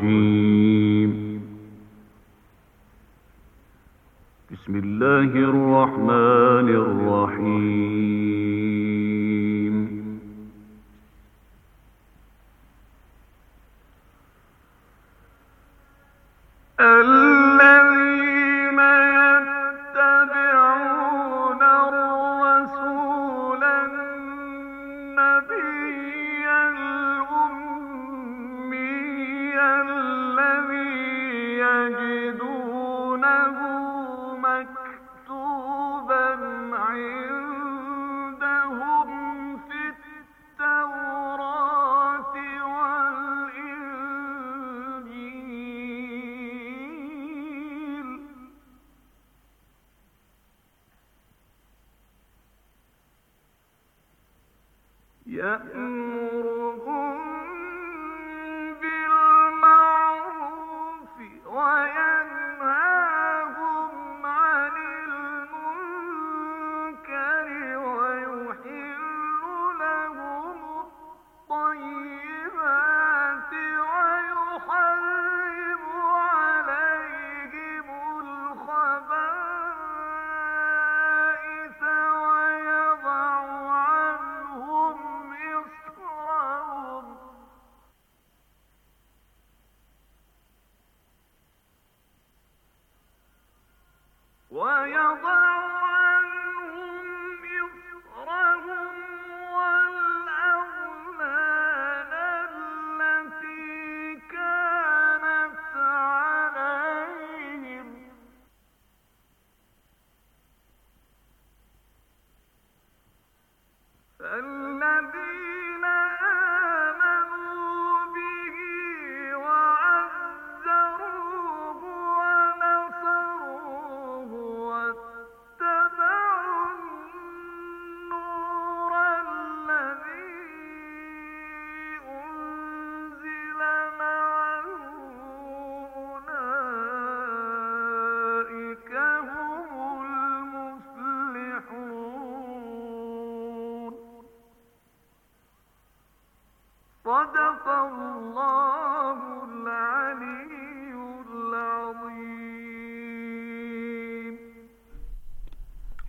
Lord mm.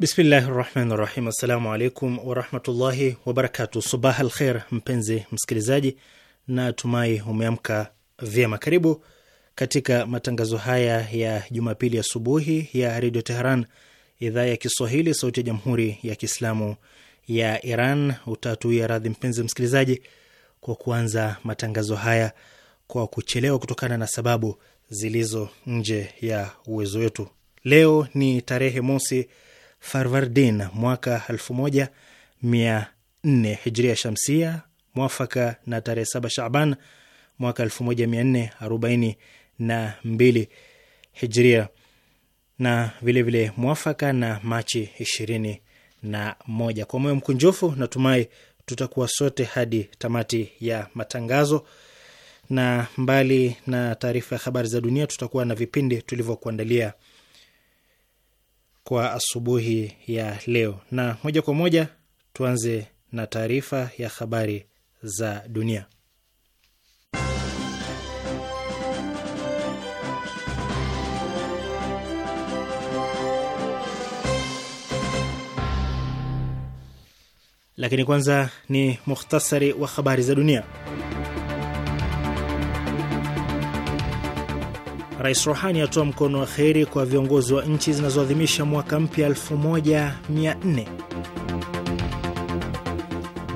Bismillahi rahmani rahim. Assalamu alaikum warahmatullahi wabarakatu. Subah al kher, mpenzi msikilizaji, na tumai umeamka vyema. Karibu katika matangazo haya ya Jumapili asubuhi ya, ya redio Teheran idhaa ya Kiswahili, sauti ya jamhuri ya Kiislamu ya Iran. Utatuia radhi mpenzi msikilizaji kwa kuanza matangazo haya kwa kuchelewa kutokana na sababu zilizo nje ya uwezo wetu. Leo ni tarehe mosi Farvardin mwaka 1400 hijria shamsia mwafaka na tarehe 7 Shaban mwaka 1442 hijria na vilevile vile mwafaka na Machi ishirini na moja. Kwa moyo mkunjufu, natumai tutakuwa sote hadi tamati ya matangazo, na mbali na taarifa ya habari za dunia, tutakuwa na vipindi tulivyokuandalia kwa asubuhi ya leo, na moja kwa moja tuanze na taarifa ya habari za dunia. Lakini kwanza ni mukhtasari wa habari za dunia. Rais Rohani atoa mkono wa kheri kwa viongozi wa nchi zinazoadhimisha mwaka mpya 1400.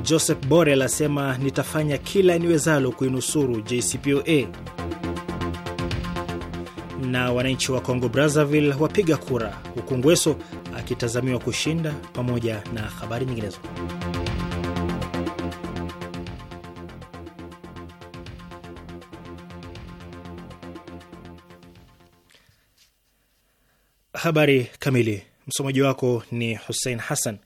Joseph Borrell asema nitafanya kila niwezalo kuinusuru JCPOA. Na wananchi wa Kongo Brazzaville wapiga kura, huku Ngweso akitazamiwa kushinda, pamoja na habari nyinginezo. Habari kamili, msomaji wako ni Hussein Hassan.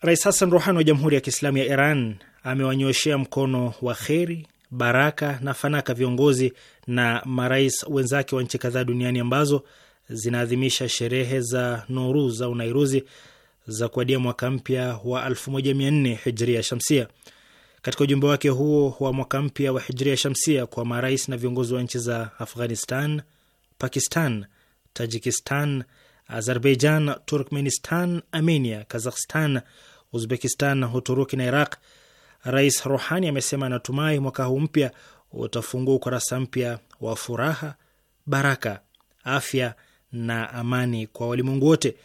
Rais Hassan Rohani wa Jamhuri ya Kiislamu ya Iran amewanyoshea mkono wa kheri, baraka na fanaka viongozi na marais wenzake wa nchi kadhaa duniani ambazo zinaadhimisha sherehe za Noruz au Nairuzi za kuadia mwaka mpya wa 14 Hijria Shamsia. Katika ujumbe wake huo wa mwaka mpya wa Hijria Shamsia kwa marais na viongozi wa nchi za Afghanistan, Pakistan, Tajikistan, Azerbaijan, Turkmenistan, Armenia, Kazakhstan, Uzbekistan, Uturuki na Iraq, Rais Rohani amesema anatumai mwaka huu mpya utafungua ukurasa mpya wa furaha, baraka, afya na amani kwa walimwengu wote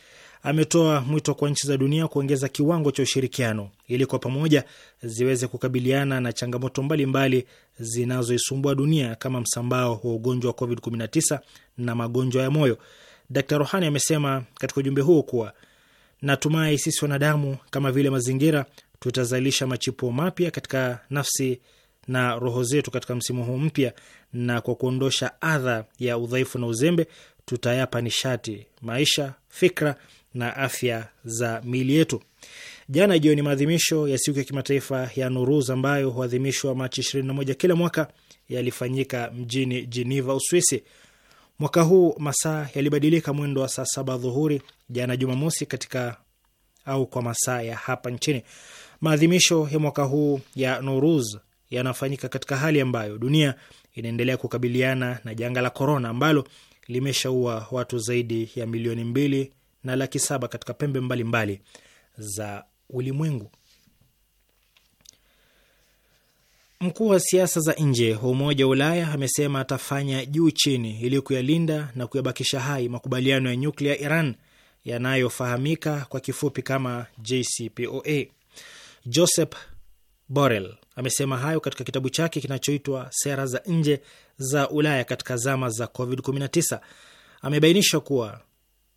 ametoa mwito kwa nchi za dunia kuongeza kiwango cha ushirikiano ili kwa pamoja ziweze kukabiliana na changamoto mbalimbali zinazoisumbua dunia kama msambao wa ugonjwa wa COVID-19 na magonjwa ya moyo. Dr. Rohani amesema katika ujumbe huo kuwa natumai sisi wanadamu kama vile mazingira tutazalisha machipuo mapya katika nafsi na roho zetu katika msimu huu mpya, na kwa kuondosha adha ya udhaifu na uzembe tutayapa nishati maisha, fikra na afya za miili yetu. Jana jioni, maadhimisho ya siku ya kimataifa ya Nuruz ambayo huadhimishwa Machi 21 kila mwaka yalifanyika mjini Geneva, Uswisi. Mwaka huu masaa yalibadilika mwendo wa saa saba dhuhuri jana Jumamosi katika au kwa masaa ya hapa nchini. Maadhimisho ya mwaka huu ya Nuruz yanafanyika katika hali ambayo dunia inaendelea kukabiliana na janga la korona ambalo limeshaua watu zaidi ya milioni mbili na laki saba katika pembe mbalimbali mbali za ulimwengu. Mkuu wa siasa za nje wa Umoja wa Ulaya amesema atafanya juu chini ili kuyalinda na kuyabakisha hai makubaliano ya nyuklia Iran yanayofahamika kwa kifupi kama JCPOA. Joseph Borrell amesema hayo katika kitabu chake kinachoitwa Sera za Nje za Ulaya katika Zama za COVID-19. Amebainisha kuwa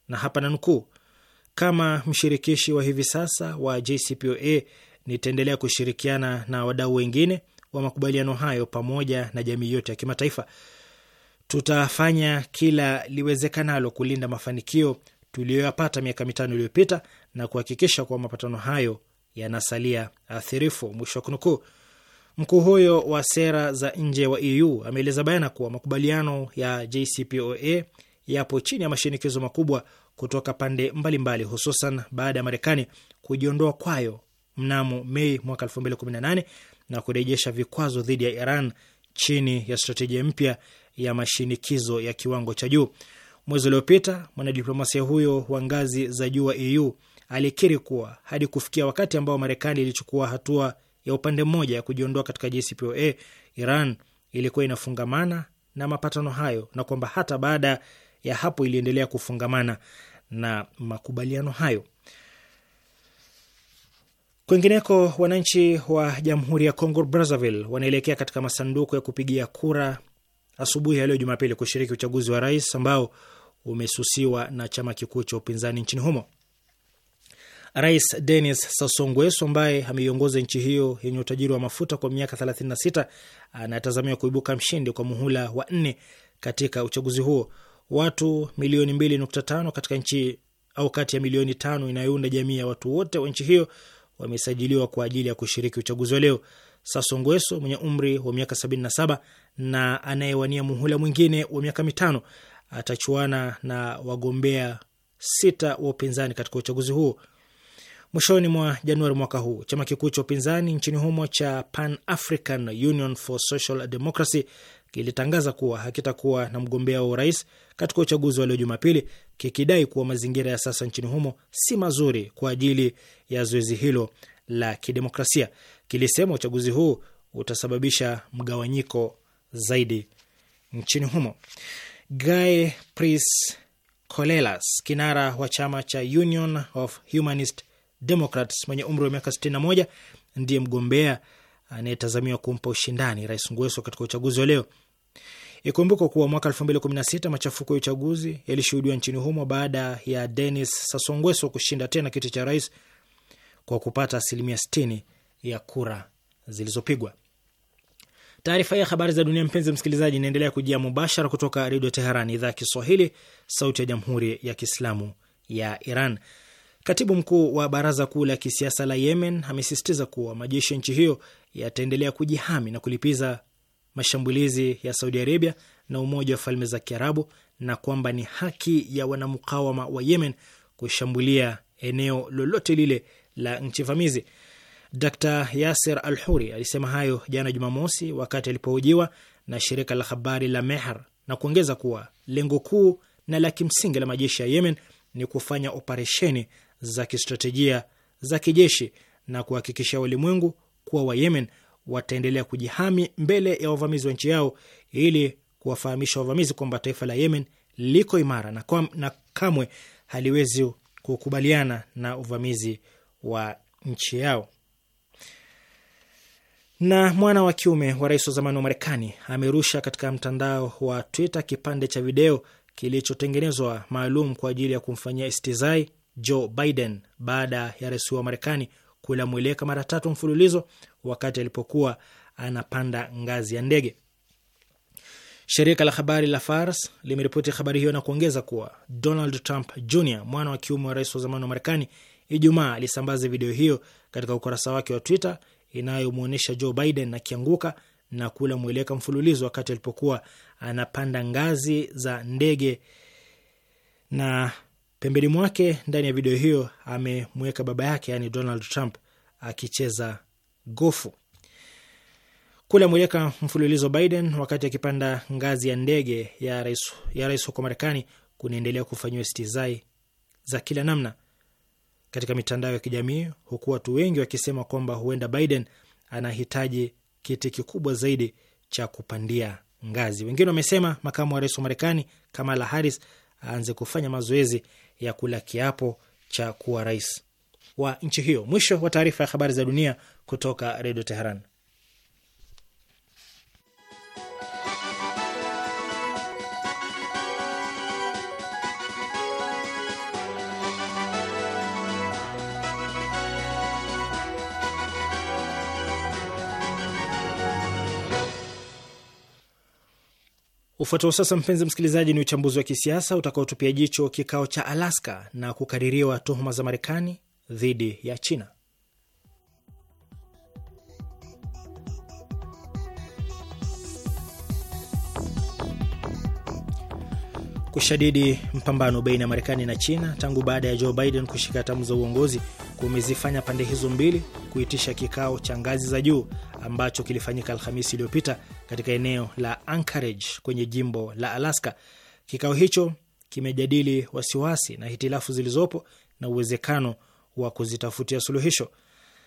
na hapa na nukuu, kama mshirikishi wa hivi sasa wa JCPOA nitaendelea kushirikiana na wadau wengine wa makubaliano hayo pamoja na jamii yote ya kimataifa. Tutafanya kila liwezekanalo kulinda mafanikio tuliyoyapata miaka mitano iliyopita na kuhakikisha kuwa mapatano hayo yanasalia athirifu, mwisho wa kunukuu. Mkuu huyo wa sera za nje wa EU ameeleza bayana kuwa makubaliano ya JCPOA yapo chini ya mashinikizo makubwa kutoka pande mbalimbali mbali, hususan baada ya Marekani kujiondoa kwayo mnamo Mei mwaka 2018 na kurejesha vikwazo dhidi ya Iran chini ya strategia mpya ya mashinikizo ya kiwango cha juu. Mwezi uliopita mwanadiplomasia huyo wa ngazi za juu wa EU alikiri kuwa hadi kufikia wakati ambao Marekani ilichukua hatua ya upande mmoja ya kujiondoa katika JCPOA, Iran ilikuwa inafungamana na mapatano hayo na kwamba hata baada ya hapo iliendelea kufungamana na makubaliano hayo. Kwingineko, wananchi wa Jamhuri ya Congo Brazzaville wanaelekea katika masanduku ya kupigia kura asubuhi ya leo Jumapili kushiriki uchaguzi wa rais ambao umesusiwa na chama kikuu cha upinzani nchini humo. Rais Denis Sassou Nguesso ambaye ameiongoza nchi hiyo yenye utajiri wa mafuta kwa miaka 36 anatazamiwa kuibuka mshindi kwa muhula wa nne katika uchaguzi huo watu milioni 2.5 katika nchi au kati ya milioni tano inayounda jamii ya watu wote wa nchi hiyo wamesajiliwa kwa ajili ya kushiriki uchaguzi wa leo. Sassou Nguesso mwenye umri wa miaka 77 na anayewania muhula mwingine wa miaka mitano atachuana na wagombea sita wa upinzani katika uchaguzi huo. Mwishoni mwa Januari mwaka huu, chama kikuu cha upinzani nchini humo cha Pan African Union for Social Democracy kilitangaza kuwa hakitakuwa na mgombea wa urais katika uchaguzi wa leo Jumapili, kikidai kuwa mazingira ya sasa nchini humo si mazuri kwa ajili ya zoezi hilo la kidemokrasia. Kilisema uchaguzi huu utasababisha mgawanyiko zaidi nchini humo. Guy Price Colelas, kinara wa chama cha Union of Humanist Democrats mwenye umri wa miaka 61 ndiye mgombea anayetazamiwa kumpa ushindani Rais Ngweso katika uchaguzi wa leo. kuwa mwaka 2016 machafuko ya uchaguzi yalishuhudiwa nchini humo baada ya Denis Sassou Nguesso kushinda tena kiti cha rais kwa kupata asilimia 60 ya kura zilizopigwa. Taarifa hii ya habari za dunia, mpenzi msikilizaji, inaendelea kujia mubashara kutoka Redio Teheran, idhaa ya Kiswahili, sauti ya jamhuri ya kiislamu ya Iran. Katibu mkuu wa baraza kuu la kisiasa la Yemen amesisitiza kuwa majeshi ya nchi hiyo yataendelea kujihami na kulipiza mashambulizi ya Saudi Arabia na Umoja wa Falme za Kiarabu na kwamba ni haki ya wanamukawama wa Yemen kushambulia eneo lolote lile la nchi vamizi. Dr Yasir Al Huri alisema hayo jana Jumamosi wakati alipohojiwa na shirika la habari la Mehr na kuongeza kuwa lengo kuu na la kimsingi la majeshi ya Yemen ni kufanya operesheni za kistratejia za kijeshi na kuhakikisha walimwengu kuwa Wayemen wataendelea kujihami mbele ya wavamizi wa nchi yao ili kuwafahamisha wavamizi kwamba taifa la Yemen liko imara na, kwa, na kamwe haliwezi kukubaliana na uvamizi wa nchi yao. Na mwana wa kiume wa rais wa zamani wa Marekani amerusha katika mtandao wa Twitter kipande cha video kilichotengenezwa maalum kwa ajili ya kumfanyia istizai Joe Biden baada ya rais wa Marekani kula mweleka mara tatu mfululizo wakati alipokuwa anapanda ngazi ya ndege. Shirika la habari la Fars limeripoti habari hiyo na kuongeza kuwa Donald Trump Jr, mwana wa kiume wa rais wa zamani wa Marekani, Ijumaa alisambaza video hiyo katika ukurasa wake wa Twitter inayomwonyesha Joe Biden akianguka na, na kula mweleka mfululizo wakati alipokuwa anapanda ngazi za ndege na Pembeni mwake ndani ya video hiyo amemweka baba yake, yani Donald Trump akicheza gofu. Kule amweleka mfululizo Biden wakati akipanda ngazi ya ndege ya rais ya rais huko Marekani kunaendelea kufanyiwa stizai za kila namna katika mitandao ya kijamii, huku watu wengi wakisema kwamba huenda Biden anahitaji kiti kikubwa zaidi cha kupandia ngazi. Wengine wamesema makamu wa rais wa Marekani Kamala Harris aanze kufanya mazoezi ya kula kiapo cha kuwa rais wa nchi hiyo. Mwisho wa taarifa ya habari za dunia kutoka Redio Teheran. Ufuatao sasa, mpenzi msikilizaji, ni uchambuzi wa kisiasa utakaotupia jicho kikao cha Alaska na kukaririwa tuhuma za Marekani dhidi ya China. Kushadidi mpambano baina ya Marekani na China tangu baada ya Joe Biden kushika hatamu za uongozi kumezifanya pande hizo mbili kuitisha kikao cha ngazi za juu ambacho kilifanyika Alhamisi iliyopita katika eneo la Anchorage kwenye jimbo la Alaska. Kikao hicho kimejadili wasiwasi na hitilafu zilizopo na uwezekano wa kuzitafutia suluhisho.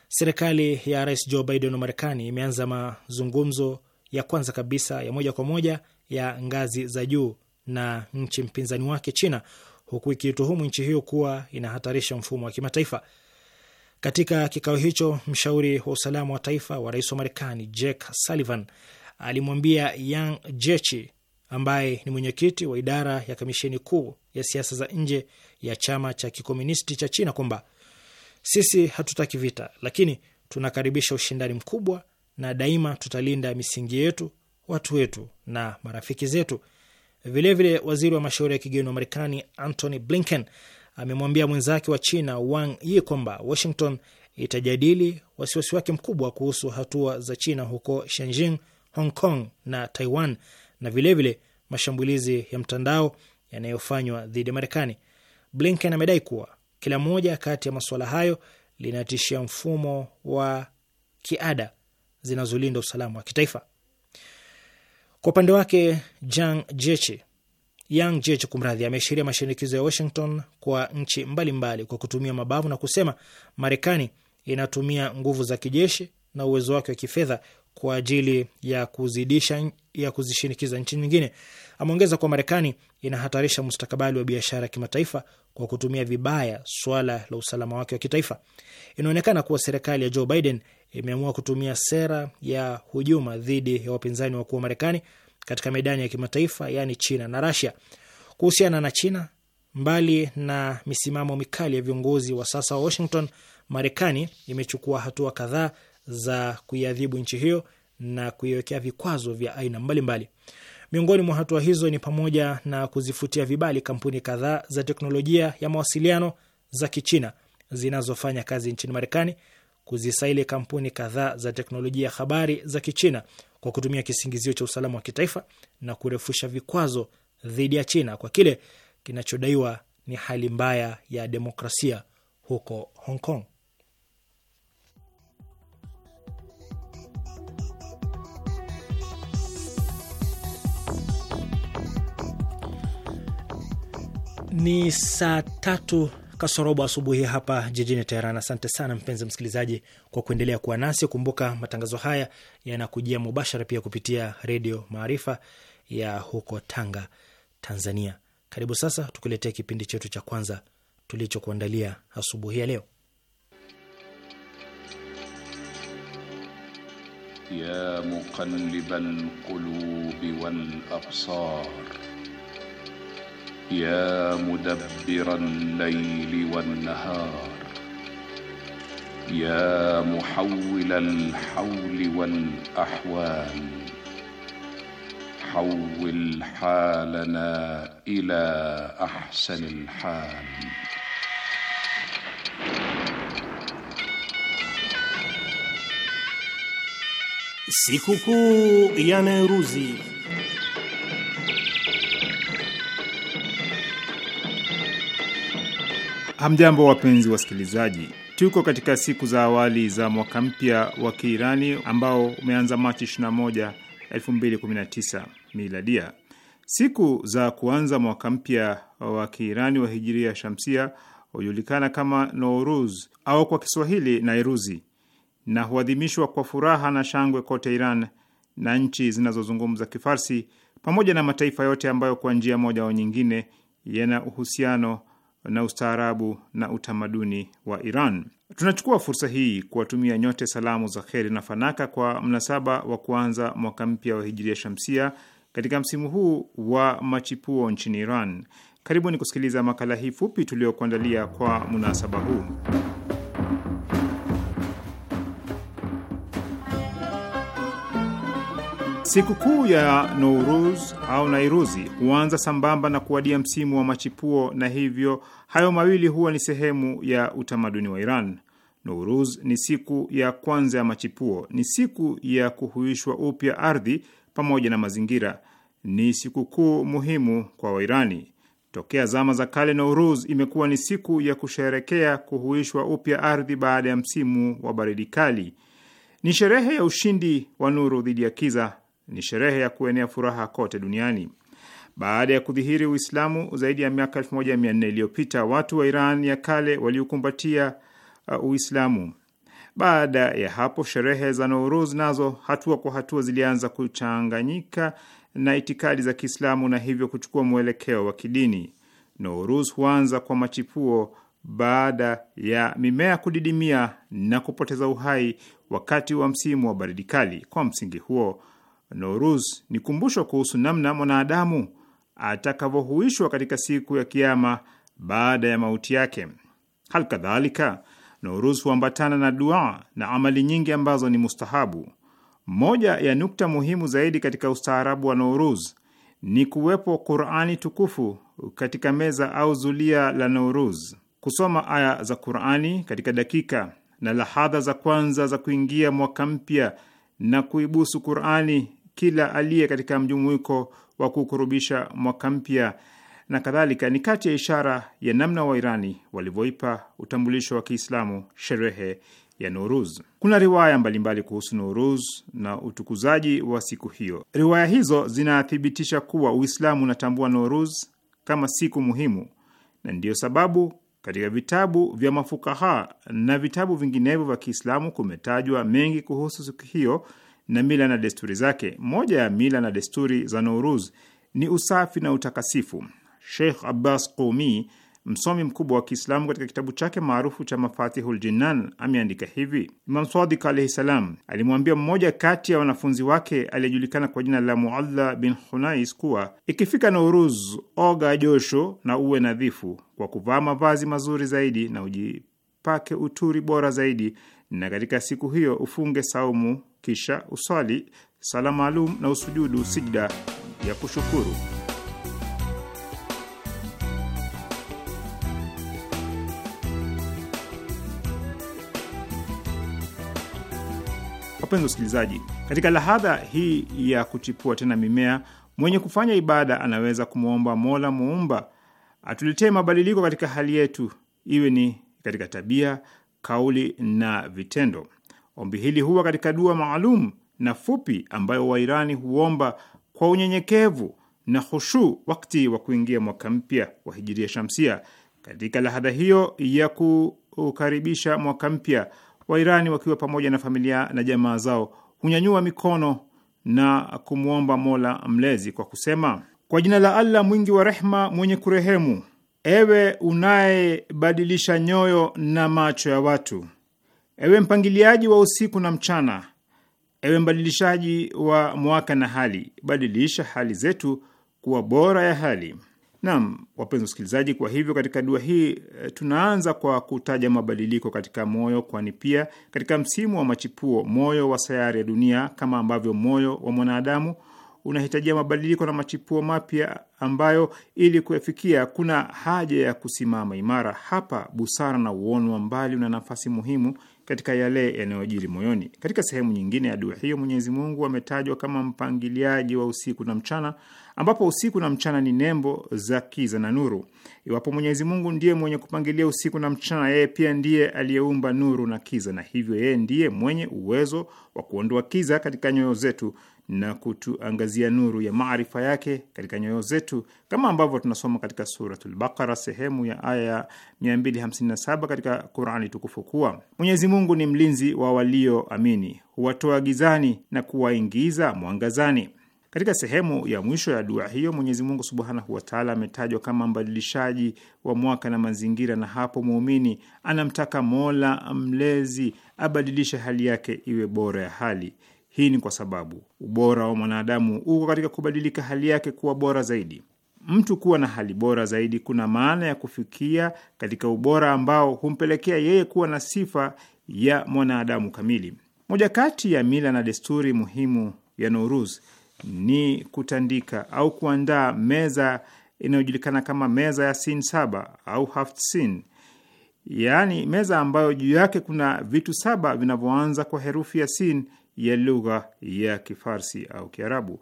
Serikali ya Rais Joe Biden wa Marekani imeanza mazungumzo ya kwanza kabisa ya moja kwa moja ya ngazi za juu na nchi mpinzani wake China, huku ikituhumu nchi hiyo kuwa inahatarisha mfumo wa kimataifa. Katika kikao hicho, mshauri wa usalama wa taifa wa rais wa Marekani Jake Sullivan alimwambia Yang Jechi ambaye ni mwenyekiti wa idara ya kamisheni kuu ya siasa za nje ya chama cha kikomunisti cha China kwamba sisi hatutaki vita, lakini tunakaribisha ushindani mkubwa na daima tutalinda misingi yetu, watu wetu na marafiki zetu. Vilevile, waziri wa mashauri ya kigeni wa Marekani Antony Blinken amemwambia mwenzake wa China Wang Yi kwamba Washington itajadili wasiwasi wake mkubwa kuhusu hatua za China huko Shenjing, Hong Kong na Taiwan na vilevile vile mashambulizi ya mtandao yanayofanywa dhidi ya Marekani. Blinken amedai kuwa kila moja kati ya masuala hayo linatishia mfumo wa kiada zinazolinda usalama wa kitaifa. Kwa upande wake Jang Jechi, Yang Jiechi, kumradhi, ameashiria mashinikizo ya Washington kwa nchi mbalimbali mbali kwa kutumia mabavu na kusema Marekani inatumia nguvu za kijeshi na uwezo wake wa kifedha kwa ajili ya kuzidisha ya kuzishinikiza nchi nyingine. Ameongeza kuwa Marekani inahatarisha mustakabali wa biashara ya kimataifa kwa kutumia vibaya swala la usalama wake wa kitaifa. Inaonekana kuwa serikali ya Joe Biden imeamua kutumia sera ya hujuma dhidi ya wapinzani wakuu wa Marekani katika medani ya kimataifa, yaani China na Rasia. Kuhusiana na China, mbali na misimamo mikali ya viongozi wa sasa wa Washington, Marekani imechukua hatua kadhaa za kuiadhibu nchi hiyo na kuiwekea vikwazo vya aina mbalimbali Miongoni mwa hatua hizo ni pamoja na kuzifutia vibali kampuni kadhaa za teknolojia ya mawasiliano za Kichina zinazofanya kazi nchini Marekani, kuzisaili kampuni kadhaa za teknolojia ya habari za Kichina, kwa kutumia kisingizio cha usalama wa kitaifa na kurefusha vikwazo dhidi ya China kwa kile kinachodaiwa ni hali mbaya ya demokrasia huko Hong Kong. Ni saa tatu kasorobo asubuhi hapa jijini Teheran. Asante sana mpenzi msikilizaji kwa kuendelea kuwa nasi. Kumbuka matangazo haya yanakujia mubashara pia kupitia Redio Maarifa ya huko Tanga, Tanzania. Karibu sasa tukuletea kipindi chetu cha kwanza tulichokuandalia asubuhi ya leo ya يا مدبر الليل والنهار يا محول الحول والاحوال حول حالنا الى احسن الحال سيكوكو يا نيروزي Hamjambo, wapenzi wasikilizaji. Tuko katika siku za awali za mwaka mpya wa Kiirani ambao umeanza Machi 21, 2019 miladia. Siku za kuanza mwaka mpya wa Kiirani wa hijiria shamsia hujulikana kama Nouruz au kwa Kiswahili Nairuzi, na huadhimishwa kwa furaha na shangwe kote Iran na nchi zinazozungumza Kifarsi pamoja na mataifa yote ambayo kwa njia moja au nyingine yana uhusiano na ustaarabu na utamaduni wa Iran. Tunachukua fursa hii kuwatumia nyote salamu za kheri na fanaka kwa mnasaba wa kuanza mwaka mpya wa hijiria shamsia katika msimu huu wa machipuo nchini Iran. Karibuni kusikiliza makala hii fupi tuliyokuandalia kwa munasaba huu. Sikukuu ya Nouruz au Nairuzi huanza sambamba na kuwadia msimu wa machipuo, na hivyo hayo mawili huwa ni sehemu ya utamaduni wa Iran. Nouruz ni siku ya kwanza ya machipuo, ni siku ya kuhuishwa upya ardhi pamoja na mazingira. Ni sikukuu muhimu kwa Wairani. Tokea zama za kale, Nouruz imekuwa ni siku ya kusherekea kuhuishwa upya ardhi baada ya msimu wa baridi kali. Ni sherehe ya ushindi wa nuru dhidi ya kiza ni sherehe ya kuenea furaha kote duniani. Baada ya kudhihiri Uislamu zaidi ya miaka 1400 iliyopita, watu wa Iran ya kale waliokumbatia uh, Uislamu. Baada ya hapo, sherehe za Nouruz nazo hatua kwa hatua zilianza kuchanganyika na itikadi za Kiislamu na hivyo kuchukua mwelekeo wa kidini. Nouruz huanza kwa machipuo baada ya mimea kudidimia na kupoteza uhai wakati wa msimu wa baridi kali. Kwa msingi huo Noruz ni kumbusho kuhusu namna mwanadamu atakavyohuishwa katika siku ya Kiama baada ya mauti yake. Hal kadhalika Noruz huambatana na dua na amali nyingi ambazo ni mustahabu. Moja ya nukta muhimu zaidi katika ustaarabu wa Noruz ni kuwepo Qurani tukufu katika meza au zulia la Noruz. Kusoma aya za Qurani katika dakika na lahadha za kwanza za kuingia mwaka mpya na kuibusu Qurani kila aliye katika mjumuiko wa kukurubisha mwaka mpya na kadhalika, ni kati ya ishara ya namna Wairani walivyoipa utambulisho wa Kiislamu sherehe ya Nuruz. Kuna riwaya mbalimbali mbali kuhusu Nuruz na utukuzaji wa siku hiyo. Riwaya hizo zinathibitisha kuwa Uislamu unatambua Nuruz kama siku muhimu, na ndiyo sababu katika vitabu vya mafukaha na vitabu vinginevyo vya Kiislamu kumetajwa mengi kuhusu siku hiyo na mila na desturi zake. Moja ya mila na desturi za Nouruz ni usafi na utakasifu. Sheikh Abbas Qumi, msomi mkubwa wa Kiislamu, katika kitabu chake maarufu cha Mafatihul Jinan ameandika hivi: Imam sadik alaihi salam alimwambia mmoja kati ya wanafunzi wake aliyejulikana kwa jina la Mualla bin Hunais kuwa ikifika Nouruz, oga josho na uwe nadhifu kwa kuvaa mavazi mazuri zaidi na ujipake uturi bora zaidi, na katika siku hiyo ufunge saumu kisha uswali sala maalum na usujudu sijda ya kushukuru. Wapenzi wasikilizaji, katika lahadha hii ya kuchipua tena mimea, mwenye kufanya ibada anaweza kumwomba Mola Muumba atuletee mabadiliko katika hali yetu, iwe ni katika tabia, kauli na vitendo. Ombi hili huwa katika dua maalum na fupi ambayo Wairani huomba kwa unyenyekevu na hushu wakati wa kuingia mwaka mpya wa hijiria shamsia. Katika lahadha hiyo ya kukaribisha mwaka mpya, Wairani wakiwa pamoja na familia na jamaa zao hunyanyua mikono na kumwomba Mola Mlezi kwa kusema: kwa jina la Allah mwingi wa rehma, mwenye kurehemu, ewe unayebadilisha nyoyo na macho ya watu ewe mpangiliaji wa usiku na mchana, ewe mbadilishaji wa mwaka na hali, badilisha hali zetu kuwa bora ya hali. Naam, wapenzi wasikilizaji, kwa hivyo katika dua hii e, tunaanza kwa kutaja mabadiliko katika moyo, kwani pia katika msimu wa machipuo moyo wa sayari ya dunia, kama ambavyo moyo wa mwanadamu unahitajia mabadiliko na machipuo mapya ambayo ili kuyafikia kuna haja ya kusimama imara. Hapa busara na uono wa mbali una nafasi muhimu katika yale yanayojiri moyoni. Katika sehemu nyingine ya dua hiyo, Mwenyezi Mungu ametajwa kama mpangiliaji wa usiku na mchana, ambapo usiku na mchana ni nembo za kiza na nuru. Iwapo Mwenyezi Mungu ndiye mwenye kupangilia usiku na mchana, yeye pia ndiye aliyeumba nuru na kiza, na hivyo yeye ndiye mwenye uwezo wa kuondoa kiza katika nyoyo zetu na kutuangazia nuru ya maarifa yake katika nyoyo zetu, kama ambavyo tunasoma katika Suratul Baqara sehemu ya aya ya 257 katika Qurani tukufu kuwa Mwenyezi Mungu ni mlinzi wa walioamini, huwatoa gizani na kuwaingiza mwangazani. Katika sehemu ya mwisho ya dua hiyo Mwenyezi Mungu subhanahu wataala ametajwa kama mbadilishaji wa mwaka na mazingira, na hapo muumini anamtaka Mola mlezi abadilishe hali yake iwe bora ya hali hii ni kwa sababu ubora wa mwanadamu uko katika kubadilika hali yake kuwa bora zaidi. Mtu kuwa na hali bora zaidi kuna maana ya kufikia katika ubora ambao humpelekea yeye kuwa na sifa ya mwanadamu kamili. Moja kati ya mila na desturi muhimu ya Nowruz ni kutandika au kuandaa meza inayojulikana kama meza ya sin saba au haft sin, yaani meza ambayo juu yake kuna vitu saba vinavyoanza kwa herufi ya sin ya lugha ya Kifarsi au Kiarabu.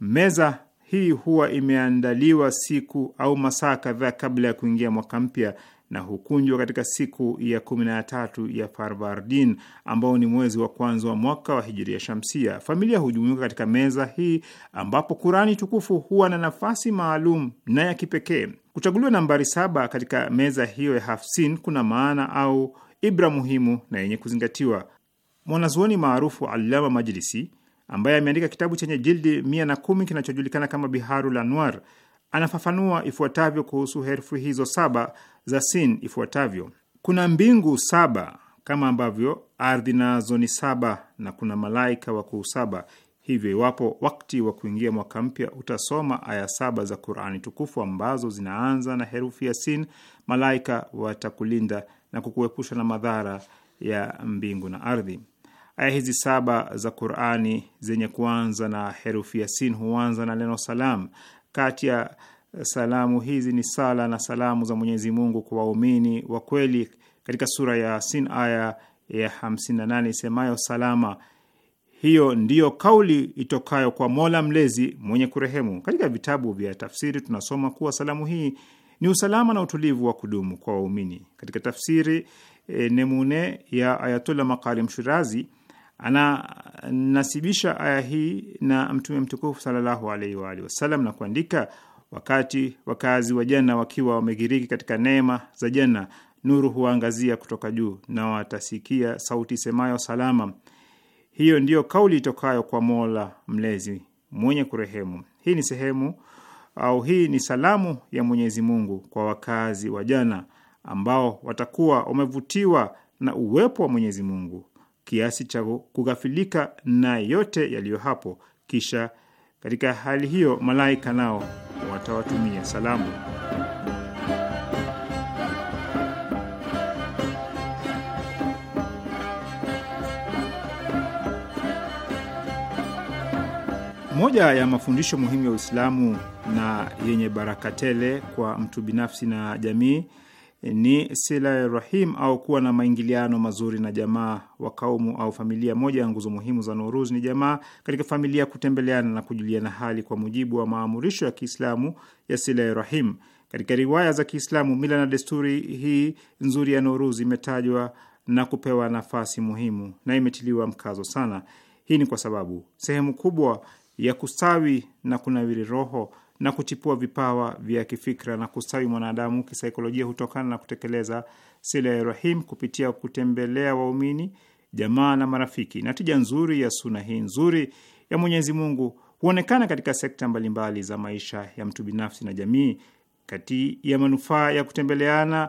Meza hii huwa imeandaliwa siku au masaa kadhaa kabla ya kuingia mwaka mpya na hukunjwa katika siku ya kumi na tatu ya Farvardin ambao ni mwezi wa kwanza wa mwaka wa hijiria shamsia. Familia hujumuika katika meza hii ambapo Kurani tukufu huwa na nafasi maalum na ya kipekee. Kuchaguliwa nambari saba katika meza hiyo ya Hafsin kuna maana au ibra muhimu na yenye kuzingatiwa. Mwanazuoni maarufu Allama Majlisi ambaye ameandika kitabu chenye jildi mia na kumi kinachojulikana kama Biharul Anwar anafafanua ifuatavyo kuhusu herufi hizo saba za sin ifuatavyo: kuna mbingu saba kama ambavyo ardhi nazo ni saba, na kuna malaika wakuu saba. Hivyo iwapo wakati wa kuingia mwaka mpya utasoma aya saba za Qurani tukufu ambazo zinaanza na herufi ya sin, malaika watakulinda na kukuepusha na madhara ya mbingu na ardhi. Aya hizi saba za Qurani zenye kuanza na herufi ya sin huanza na neno salam. Kati ya salamu hizi ni sala na salamu za Mwenyezi Mungu kwa waumini wa kweli katika sura ya Yasin aya ya 58 isemayo salama. Hiyo ndiyo kauli itokayo kwa Mola Mlezi mwenye kurehemu. Katika vitabu vya tafsiri tunasoma kuwa salamu hii ni usalama na utulivu wa kudumu kwa waumini. Katika tafsiri e, Nemune ya Ayatullah Makarim Shirazi Ananasibisha aya hii na Mtume mtukufu sallallahu alaihi wa alihi wasallam na kuandika, wakati wakazi wa Janna wakiwa wamegiriki katika neema za Janna, nuru huwaangazia kutoka juu na watasikia sauti semayo salama. Hiyo ndiyo kauli itokayo kwa Mola Mlezi mwenye kurehemu. Hii ni sehemu au hii ni salamu ya Mwenyezi Mungu kwa wakazi wa Janna ambao watakuwa wamevutiwa na uwepo wa Mwenyezi Mungu kiasi cha kughafilika na yote yaliyo hapo. Kisha katika hali hiyo malaika nao watawatumia salamu. Moja ya mafundisho muhimu ya Uislamu na yenye baraka tele kwa mtu binafsi na jamii ni sila ya rahim au kuwa na maingiliano mazuri na jamaa wa kaumu au familia. Moja ya nguzo muhimu za Nuruz ni jamaa katika familia, kutembeleana na kujuliana hali kwa mujibu wa maamurisho ya Kiislamu ya sila ya rahim. Katika riwaya za Kiislamu, mila na desturi hii nzuri ya Nuruz imetajwa na kupewa nafasi muhimu na imetiliwa mkazo sana. Hii ni kwa sababu sehemu kubwa ya kustawi na kunawiri roho na kuchipua vipawa vya kifikra na kustawi mwanadamu kisaikolojia hutokana na kutekeleza sila ya Rahim kupitia kutembelea waumini, jamaa na marafiki. Na tija nzuri ya suna hii nzuri ya Mwenyezi Mungu huonekana katika sekta mbalimbali za maisha ya mtu binafsi na jamii. Kati ya manufaa ya kutembeleana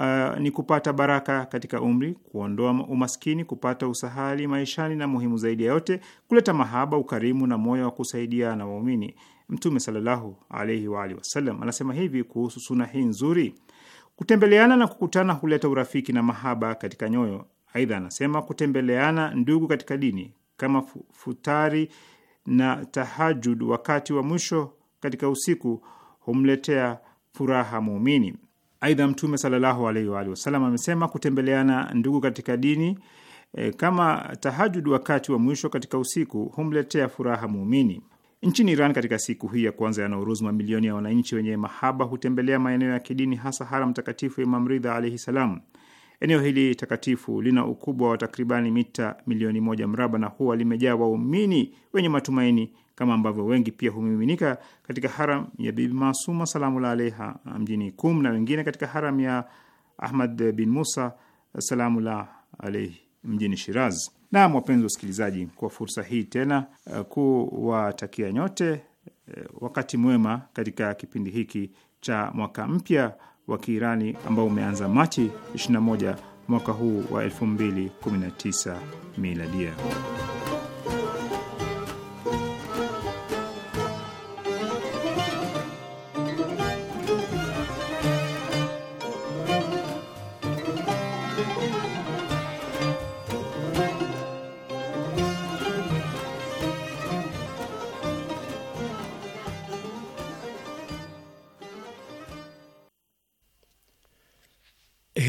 Uh, ni kupata baraka katika umri, kuondoa umaskini, kupata usahali maishani, na muhimu zaidi ya yote, kuleta mahaba, ukarimu na moyo wa kusaidia na waumini. Mtume sallallahu alaihi wa alihi wasallam anasema hivi kuhusu suna hii nzuri: kutembeleana na kukutana huleta urafiki na mahaba katika nyoyo. Aidha anasema kutembeleana ndugu katika dini kama futari na tahajud wakati wa mwisho katika usiku humletea furaha muumini. Aidha, Mtume sallallahu alaihi wa alihi wasallam amesema kutembeleana ndugu katika dini e, kama tahajud wakati wa mwisho katika usiku humletea furaha muumini. Nchini Iran, katika siku hii ya kwanza ya Nauruz, mamilioni ya wananchi wenye mahaba hutembelea maeneo ya kidini, hasa haram takatifu ya Imam Ridha alaihi salam. Eneo hili takatifu lina ukubwa wa takribani mita milioni moja mraba na huwa limejaa waumini wenye matumaini, kama ambavyo wengi pia humiminika katika haram ya Bibi Masuma salamullah alaiha mjini Kum na wengine katika haram ya Ahmad bin Musa salamullah alaihi mjini Shiraz. Naam, wapenzi wasikilizaji, kwa fursa hii tena eh, kuwatakia nyote eh, wakati mwema katika kipindi hiki cha mwaka mpya wa Kiirani ambao umeanza Machi 21 mwaka huu wa 2019 miladia.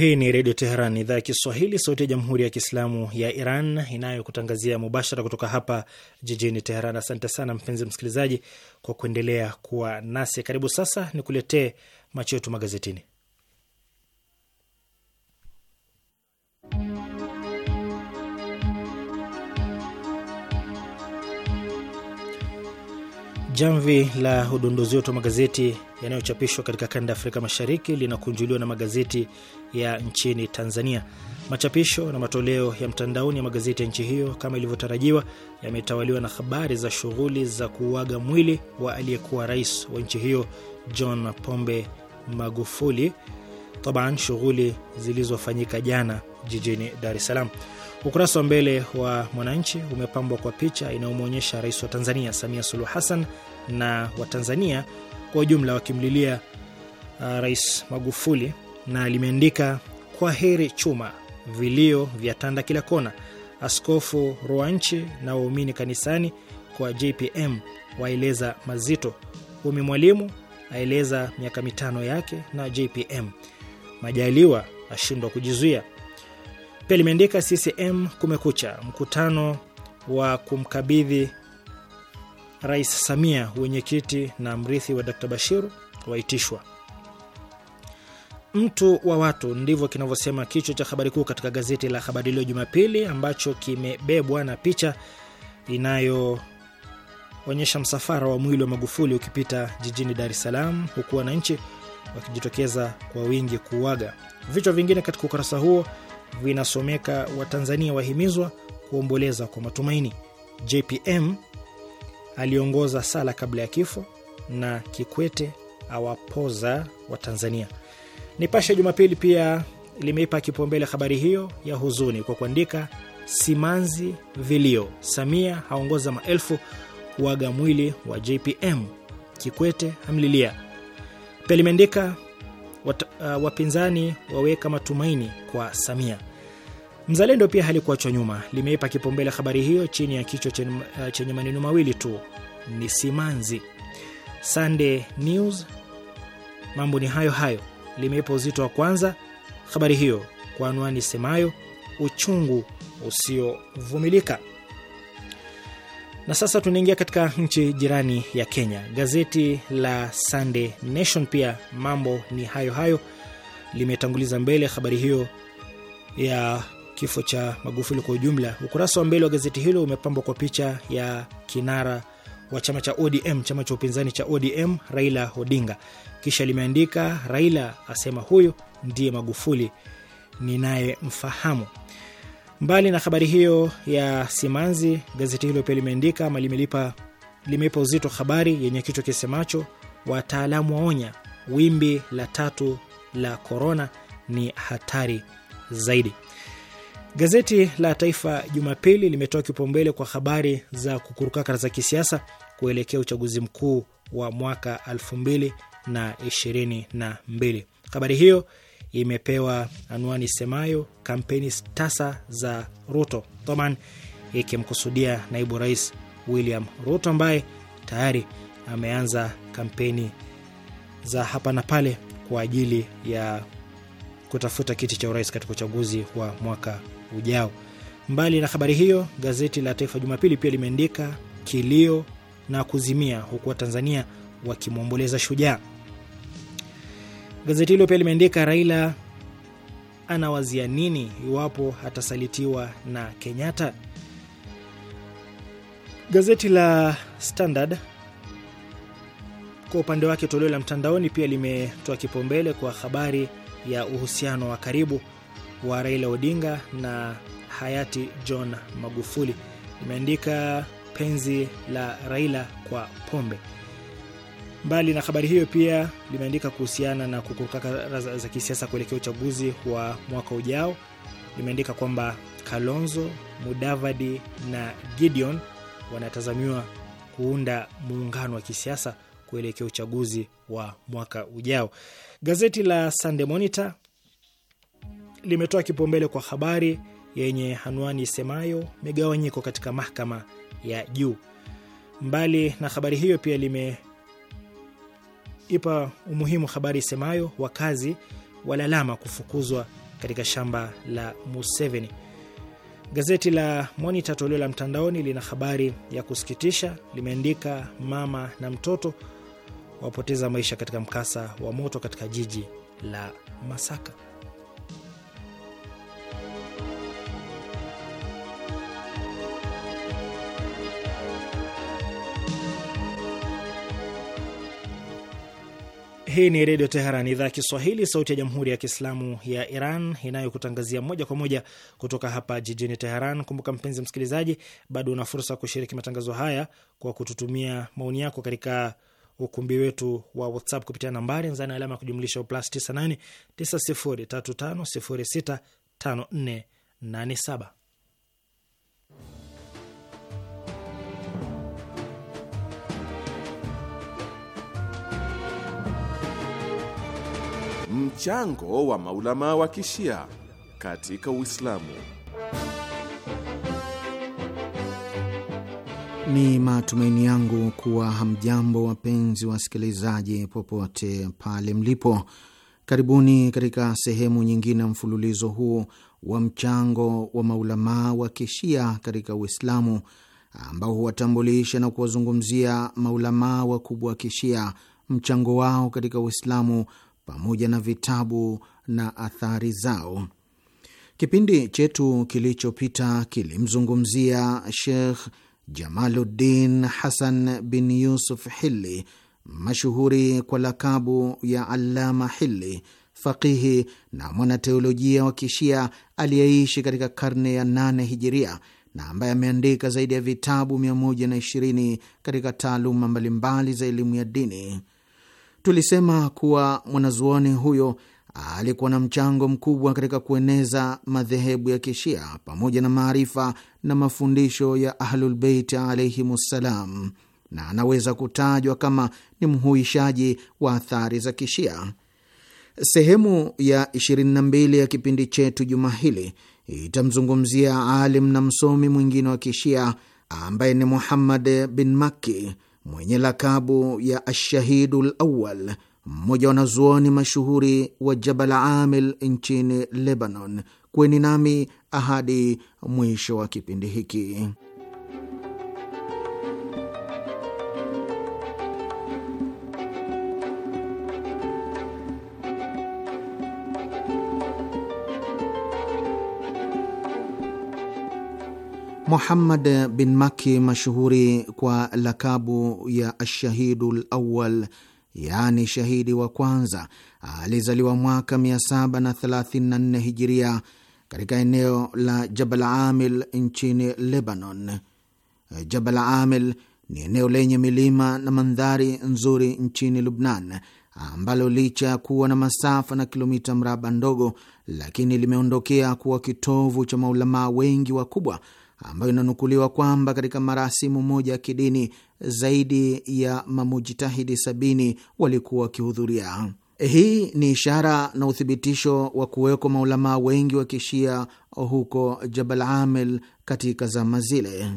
Hii ni Redio Teheran, idhaa ya Kiswahili, sauti ya Jamhuri ya Kiislamu ya Iran inayokutangazia mubashara kutoka hapa jijini Teheran. Asante sana mpenzi msikilizaji kwa kuendelea kuwa nasi. Karibu sasa kuletee macho yetu magazetini. Jamvi la udondozi wetu wa magazeti yanayochapishwa katika kanda ya Afrika Mashariki linakunjuliwa na magazeti ya nchini Tanzania. Machapisho na matoleo ya mtandaoni ya magazeti ya nchi hiyo kama ilivyotarajiwa yametawaliwa na habari za shughuli za kuuaga mwili wa aliyekuwa rais wa nchi hiyo John Pombe Magufuli, taban shughuli zilizofanyika jana jijini Dar es Salaam. Ukurasa wa mbele wa Mwananchi umepambwa kwa picha inayomwonyesha rais wa Tanzania Samia Suluhu Hassan na Watanzania kwa ujumla wakimlilia uh, Rais Magufuli na limeandika kwa heri chuma, vilio vya tanda kila kona, Askofu Ruanchi na waumini kanisani kwa JPM waeleza mazito, Umi Mwalimu aeleza miaka mitano yake na JPM, Majaliwa ashindwa kujizuia pia limeandika CCM kumekucha, mkutano wa kumkabidhi Rais Samia wenyekiti na mrithi wa Dr Bashir waitishwa. Mtu wa watu, ndivyo kinavyosema kichwa cha habari kuu katika gazeti la Habari Leo Jumapili, ambacho kimebebwa na picha inayoonyesha msafara wa mwili wa Magufuli ukipita jijini Dar es Salaam, huku wananchi wakijitokeza kwa wingi kuuaga. Vichwa vingine katika ukurasa huo vinasomeka Watanzania wahimizwa kuomboleza kwa matumaini. JPM aliongoza sala kabla ya kifo na Kikwete awapoza Watanzania. Nipashe Jumapili pia limeipa kipaumbele habari hiyo ya huzuni kwa kuandika simanzi vilio, Samia haongoza maelfu kuaga mwili wa JPM, Kikwete hamlilia. Pia limeandika wat, uh, wapinzani waweka matumaini kwa Samia. Mzalendo pia halikuachwa nyuma, limeipa kipaumbele habari hiyo chini ya kichwa eh, chenye maneno mawili tu, ni simanzi. Sunday News mambo ni hayo hayo, limeipa uzito wa kwanza habari hiyo kwa anwani semayo uchungu usiovumilika. Na sasa tunaingia katika nchi jirani ya Kenya. Gazeti la Sunday Nation pia mambo ni hayo hayo limetanguliza mbele habari hiyo ya kifo cha Magufuli kwa ujumla. Ukurasa wa mbele wa gazeti hilo umepambwa kwa picha ya kinara wa chama cha ODM, chama cha upinzani cha ODM, Raila Odinga. Kisha limeandika Raila asema huyo ndiye Magufuli ninayemfahamu. Mbali na habari hiyo ya simanzi, gazeti hilo pia limeandika ama limeipa uzito habari yenye kichwa kisemacho wataalamu waonya wimbi la tatu la korona ni hatari zaidi. Gazeti la Taifa Jumapili limetoa kipaumbele kwa habari za kukurukakara za kisiasa kuelekea uchaguzi mkuu wa mwaka 2022. Habari hiyo imepewa anwani semayo kampeni tasa za Ruto, Thoman ikimkusudia naibu rais William Ruto ambaye tayari ameanza kampeni za hapa na pale kwa ajili ya kutafuta kiti cha urais katika uchaguzi wa mwaka ujao. Mbali na habari hiyo, gazeti la Taifa Jumapili pia limeandika kilio na kuzimia, huku Watanzania wakimwomboleza shujaa. Gazeti hilo pia limeandika Raila anawazia nini iwapo atasalitiwa na Kenyatta. Gazeti la Standard kwa upande wake, toleo la mtandaoni pia limetoa kipaumbele kwa habari ya uhusiano wa karibu wa Raila Odinga na hayati John Magufuli. Imeandika penzi la Raila kwa pombe. Mbali na habari hiyo, pia limeandika kuhusiana na kukurukakara za kisiasa kuelekea uchaguzi wa mwaka ujao. Limeandika kwamba Kalonzo, Mudavadi na Gideon wanatazamiwa kuunda muungano wa kisiasa kuelekea uchaguzi wa mwaka ujao. Gazeti la Sunday Monitor limetoa kipaumbele kwa habari yenye anwani isemayo migawanyiko katika mahakama ya juu. Mbali na habari hiyo, pia limeipa umuhimu habari isemayo wakazi walalama kufukuzwa katika shamba la Museveni. Gazeti la Monitor toleo la mtandaoni lina habari ya kusikitisha, limeandika mama na mtoto wapoteza maisha katika mkasa wa moto katika jiji la Masaka. Hii ni Redio Teheran, idhaa ya Kiswahili, sauti ya Jamhuri ya Kiislamu ya Iran, inayokutangazia moja kwa moja kutoka hapa jijini Teheran. Kumbuka mpenzi msikilizaji, bado una fursa ya kushiriki matangazo haya kwa kututumia maoni yako katika ukumbi wetu wa WhatsApp kupitia nambari nzana alama ya kujumlisha plus 98 9035065487. Mchango wa maulama wa kishia katika Uislamu. Ni matumaini yangu kuwa hamjambo, wapenzi wasikilizaji, popote pale mlipo. Karibuni katika sehemu nyingine ya mfululizo huu wa mchango wa maulamaa wa kishia katika Uislamu, ambao huwatambulisha na kuwazungumzia maulamaa wakubwa wa kishia, mchango wao katika Uislamu pamoja na vitabu na athari zao. Kipindi chetu kilichopita kilimzungumzia Sheikh Jamaluddin Hasan bin Yusuf Hilli, mashuhuri kwa lakabu ya Allama Hilli, faqihi na mwanateolojia wa Kishia aliyeishi katika karne ya nane hijiria na ambaye ameandika zaidi ya vitabu 120 katika taaluma mbalimbali za elimu ya dini. Tulisema kuwa mwanazuoni huyo alikuwa na mchango mkubwa katika kueneza madhehebu ya Kishia pamoja na maarifa na mafundisho ya ahlulbeit alaihimussalam, na anaweza kutajwa kama ni mhuishaji wa athari za Kishia. Sehemu ya 22 ya kipindi chetu juma hili itamzungumzia alim na msomi mwingine wa Kishia ambaye ni Muhammad bin Makki mwenye lakabu ya Ashahidu Lawal, mmoja wanazuoni mashuhuri wa Jabal Amil nchini Lebanon. Kweni nami ahadi mwisho wa kipindi hiki. Muhammad bin Maki, mashuhuri kwa lakabu ya Ashahidu Lawal, yaani shahidi wa kwanza, alizaliwa mwaka 734 Hijiria katika eneo la Jabal Amil nchini Lebanon. Jabal Amil ni eneo lenye milima na mandhari nzuri nchini Lubnan, ambalo licha ya kuwa na masafa na kilomita mraba ndogo, lakini limeondokea kuwa kitovu cha maulamaa wengi wakubwa ambayo inanukuliwa kwamba katika marasimu moja ya kidini zaidi ya mamujitahidi sabini walikuwa wakihudhuria. Hii ni ishara na uthibitisho wa kuwekwa maulamaa wengi wa kishia huko Jabal Amil katika zama zile.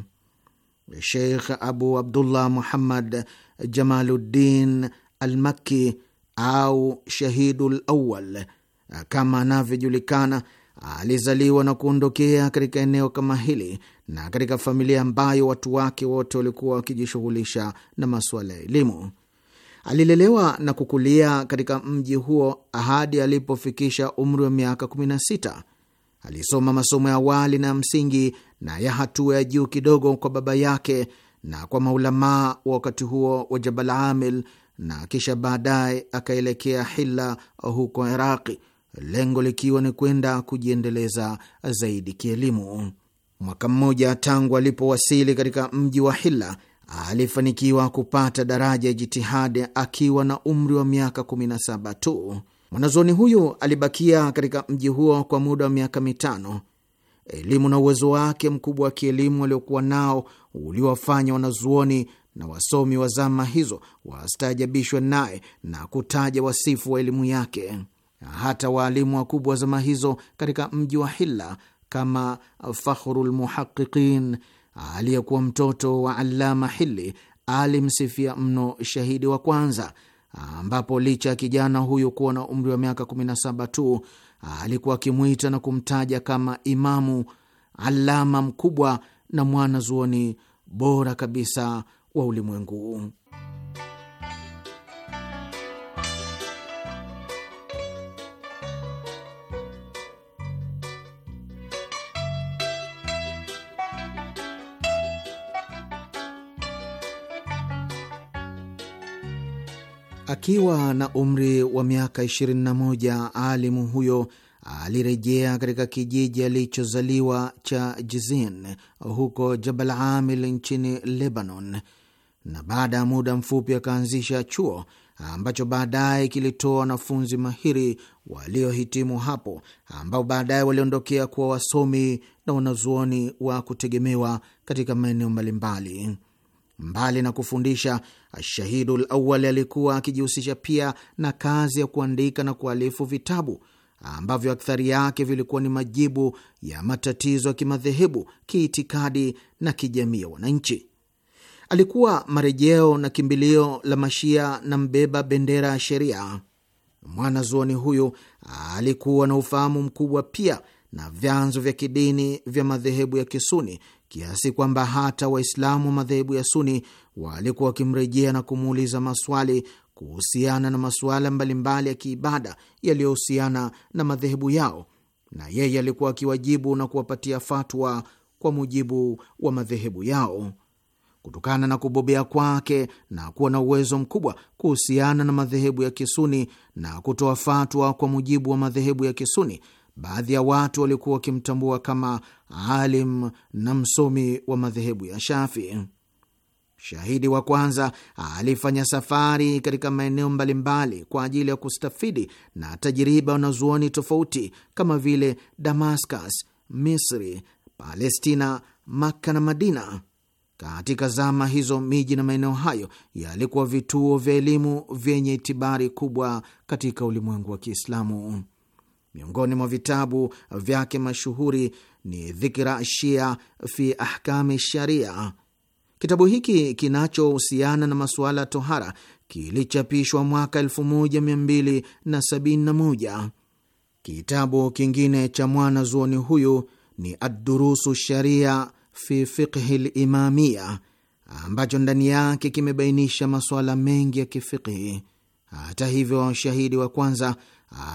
Sheikh Abu Abdullah Muhammad Jamaluddin Almakki au Shahidul Awal kama anavyojulikana alizaliwa na kuondokea katika eneo kama hili na katika familia ambayo watu wake wote walikuwa wakijishughulisha na masuala ya elimu. Alilelewa na kukulia katika mji huo hadi alipofikisha umri wa miaka 16. Alisoma masomo ya awali na ya msingi na ya hatua ya juu kidogo kwa baba yake na kwa maulamaa wa wakati huo wa Jabal Amil, na kisha baadaye akaelekea Hilla huko Iraqi lengo likiwa ni kwenda kujiendeleza zaidi kielimu. Mwaka mmoja tangu alipowasili katika mji wa Hilla, alifanikiwa kupata daraja ya jitihadi akiwa na umri wa miaka 17 tu. Mwanazuoni huyu alibakia katika mji huo kwa muda wa miaka mitano. Elimu na uwezo wake mkubwa wa kielimu aliokuwa nao uliwafanya wanazuoni na wasomi wa zama hizo wastaajabishwe naye na kutaja wasifu wa elimu yake hata waalimu wakubwa wa zama hizo katika mji wa Hilla kama Fakhrul Muhaqiqin aliyekuwa mtoto wa Allama Hili alimsifia mno shahidi wa kwanza, ambapo licha ya kijana huyo kuwa na umri wa miaka 17 tu alikuwa akimwita na kumtaja kama imamu, alama mkubwa na mwanazuoni bora kabisa wa ulimwengu. Akiwa na umri wa miaka 21 alimu huyo alirejea katika kijiji alichozaliwa cha Jizin huko Jabal Amil nchini Lebanon, na baada ya muda mfupi akaanzisha chuo ambacho baadaye kilitoa wanafunzi mahiri waliohitimu hapo, ambao baadaye waliondokea kuwa wasomi na wanazuoni wa kutegemewa katika maeneo mbalimbali. Mbali na kufundisha, Ashahidu Lawali alikuwa akijihusisha pia na kazi ya kuandika na kualifu vitabu ambavyo akthari yake vilikuwa ni majibu ya matatizo ya kimadhehebu, kiitikadi na kijamii ya wananchi. Alikuwa marejeo na kimbilio la Mashia na mbeba bendera ya sheria. Mwanazuoni huyu alikuwa na ufahamu mkubwa pia na vyanzo vya kidini vya madhehebu ya Kisuni kiasi kwamba hata Waislamu wa madhehebu ya Suni walikuwa wakimrejea na kumuuliza maswali kuhusiana na masuala mbalimbali ya kiibada yaliyohusiana na madhehebu yao, na yeye alikuwa akiwajibu na kuwapatia fatwa kwa mujibu wa madhehebu yao. Kutokana na kubobea kwake na kuwa na uwezo mkubwa kuhusiana na madhehebu ya Kisuni na kutoa fatwa kwa mujibu wa madhehebu ya Kisuni, baadhi ya watu walikuwa wakimtambua kama alim na msomi wa madhehebu ya shafi Shahidi wa kwanza alifanya safari katika maeneo mbalimbali kwa ajili ya kustafidi na tajiriba wanazuoni tofauti kama vile Damascus, Misri, Palestina, Makka na Madina. Katika zama hizo, miji na maeneo hayo yalikuwa vituo vya elimu vyenye itibari kubwa katika ulimwengu wa Kiislamu. Miongoni mwa vitabu vyake mashuhuri ni Dhikra Shia fi Ahkami Sharia. Kitabu hiki kinachohusiana na masuala ya tohara kilichapishwa mwaka 1271. Kitabu kingine cha mwana zuoni huyu ni Addurusu Sharia fi Fiqhi Limamia, ambacho ndani yake kimebainisha masuala mengi ya kifiqhi. Hata hivyo, shahidi wa kwanza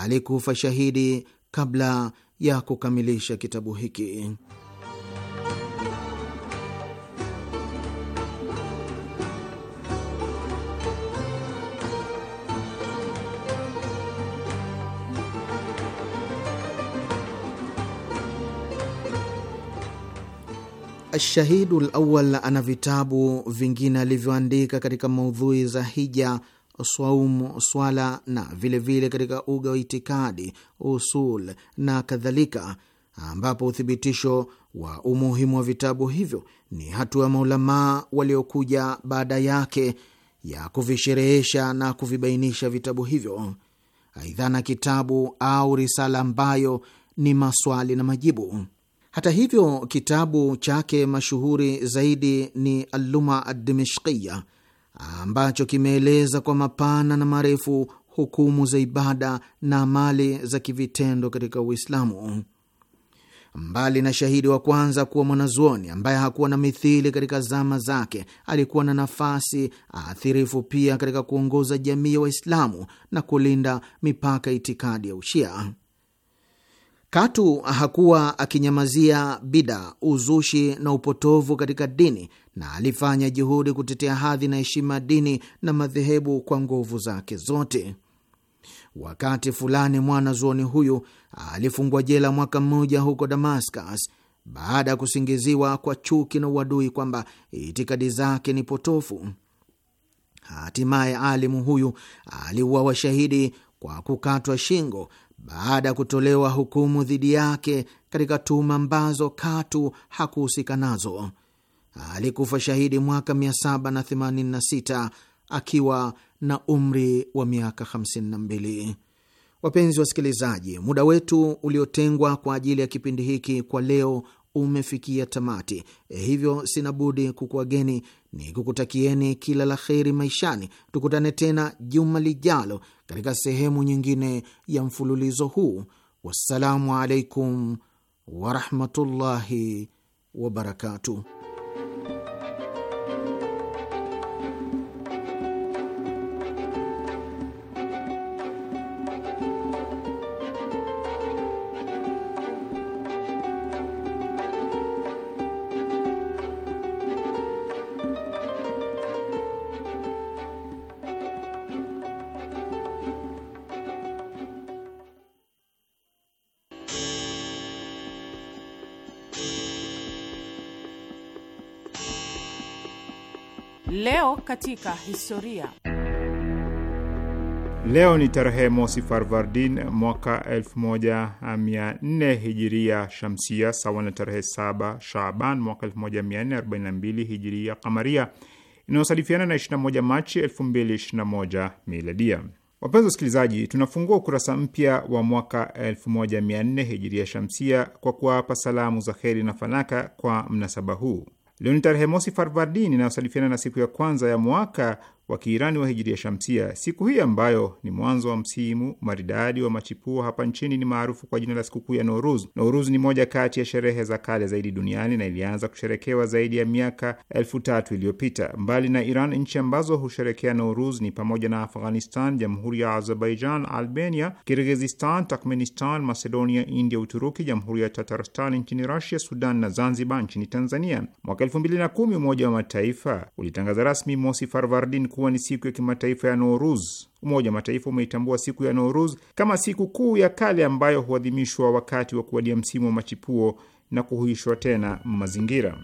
alikufa shahidi kabla ya kukamilisha kitabu hiki. Ashahidu Lawal ana vitabu vingine alivyoandika katika maudhui za hija swaumu, swala na vilevile vile katika uga wa itikadi, usul na kadhalika, ambapo uthibitisho wa umuhimu wa vitabu hivyo ni hatua ya maulamaa waliokuja baada yake ya kuvisherehesha na kuvibainisha vitabu hivyo. Aidha, na kitabu au risala ambayo ni maswali na majibu. Hata hivyo, kitabu chake mashuhuri zaidi ni Alluma Adimishkiya ambacho kimeeleza kwa mapana na marefu hukumu za ibada na amali za kivitendo katika Uislamu. Mbali na shahidi wa kwanza kuwa mwanazuoni ambaye hakuwa na mithili katika zama zake, alikuwa na nafasi athirifu pia katika kuongoza jamii ya wa Waislamu na kulinda mipaka itikadi ya Ushia. Katu hakuwa akinyamazia bida, uzushi na upotovu katika dini na alifanya juhudi kutetea hadhi na heshima dini na madhehebu kwa nguvu zake zote. Wakati fulani mwana zuoni huyu alifungwa jela mwaka mmoja huko Damascus baada ya kusingiziwa kwa chuki na uadui kwamba itikadi zake ni potofu. Hatimaye alimu huyu aliuawa shahidi kwa kukatwa shingo baada ya kutolewa hukumu dhidi yake katika tuhuma ambazo katu hakuhusika nazo alikufa shahidi mwaka 786 akiwa na umri wa miaka 52. Wapenzi wasikilizaji, muda wetu uliotengwa kwa ajili ya kipindi hiki kwa leo umefikia tamati. E, hivyo sina budi kukuwageni ni kukutakieni kila la kheri maishani. Tukutane tena juma lijalo katika sehemu nyingine ya mfululizo huu. Wassalamu alaikum warahmatullahi wabarakatuh. Leo katika historia. Leo ni tarehe mosi Farvardin mwaka 1400 hijiria shamsia, sawa na tarehe 7 Shaban mwaka 1442 hijiria kamaria, inayosalifiana na 21 Machi 2021 miladia. Wapenzi wasikilizaji, tunafungua ukurasa mpya wa mwaka 1400 hijiria shamsia kwa kuwapa salamu za heri na fanaka kwa mnasaba huu. Leo ni tarehe mosi Farvardin inayosalifiana na siku ya kwanza ya mwaka wa Kiirani wa hijiria shamsia. Siku hii ambayo ni mwanzo wa msimu maridadi wa machipuo hapa nchini ni maarufu kwa jina la sikukuu ya Noruz. Noruz ni moja kati ya sherehe za kale zaidi duniani na ilianza kusherekewa zaidi ya miaka elfu tatu iliyopita. Mbali na Iran, nchi ambazo husherekea Noruz ni pamoja na Afghanistan, Jamhuri ya Azerbaijan, Albania, Kirgizistan, Turkmenistan, Macedonia, India, Uturuki, Jamhuri ya Tatarstan nchini Rusia, Sudan na Zanzibar nchini Tanzania. Mwaka elfu mbili na kumi Umoja wa Mataifa ulitangaza rasmi Mosi Farvardin kuwa ni siku ya kimataifa ya Noruz. Umoja wa Mataifa umeitambua siku ya Noruz kama siku kuu ya kale ambayo huadhimishwa wakati wa kuwadia msimu wa machipuo na kuhuishwa tena mazingira.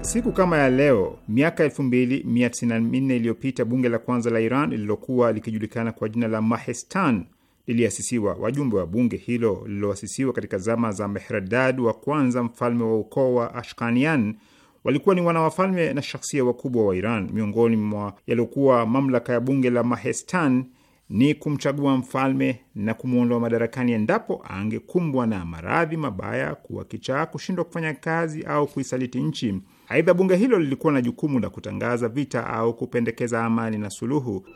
Siku kama ya leo miaka 2994 iliyopita bunge la kwanza la Iran lililokuwa likijulikana kwa jina la Mahestan liliasisiwa. Wajumbe wa bunge hilo lililoasisiwa katika zama za Mehrdad wa kwanza, mfalme wa ukoo wa Ashkanian, walikuwa ni wanawafalme na shahsia wakubwa wa Iran. Miongoni mwa yaliyokuwa mamlaka ya bunge la Mahestan ni kumchagua mfalme na kumwondoa madarakani endapo angekumbwa na maradhi mabaya, kuwa kichaa, kushindwa kufanya kazi au kuisaliti nchi. Aidha, bunge hilo lilikuwa na jukumu la kutangaza vita au kupendekeza amani na suluhu.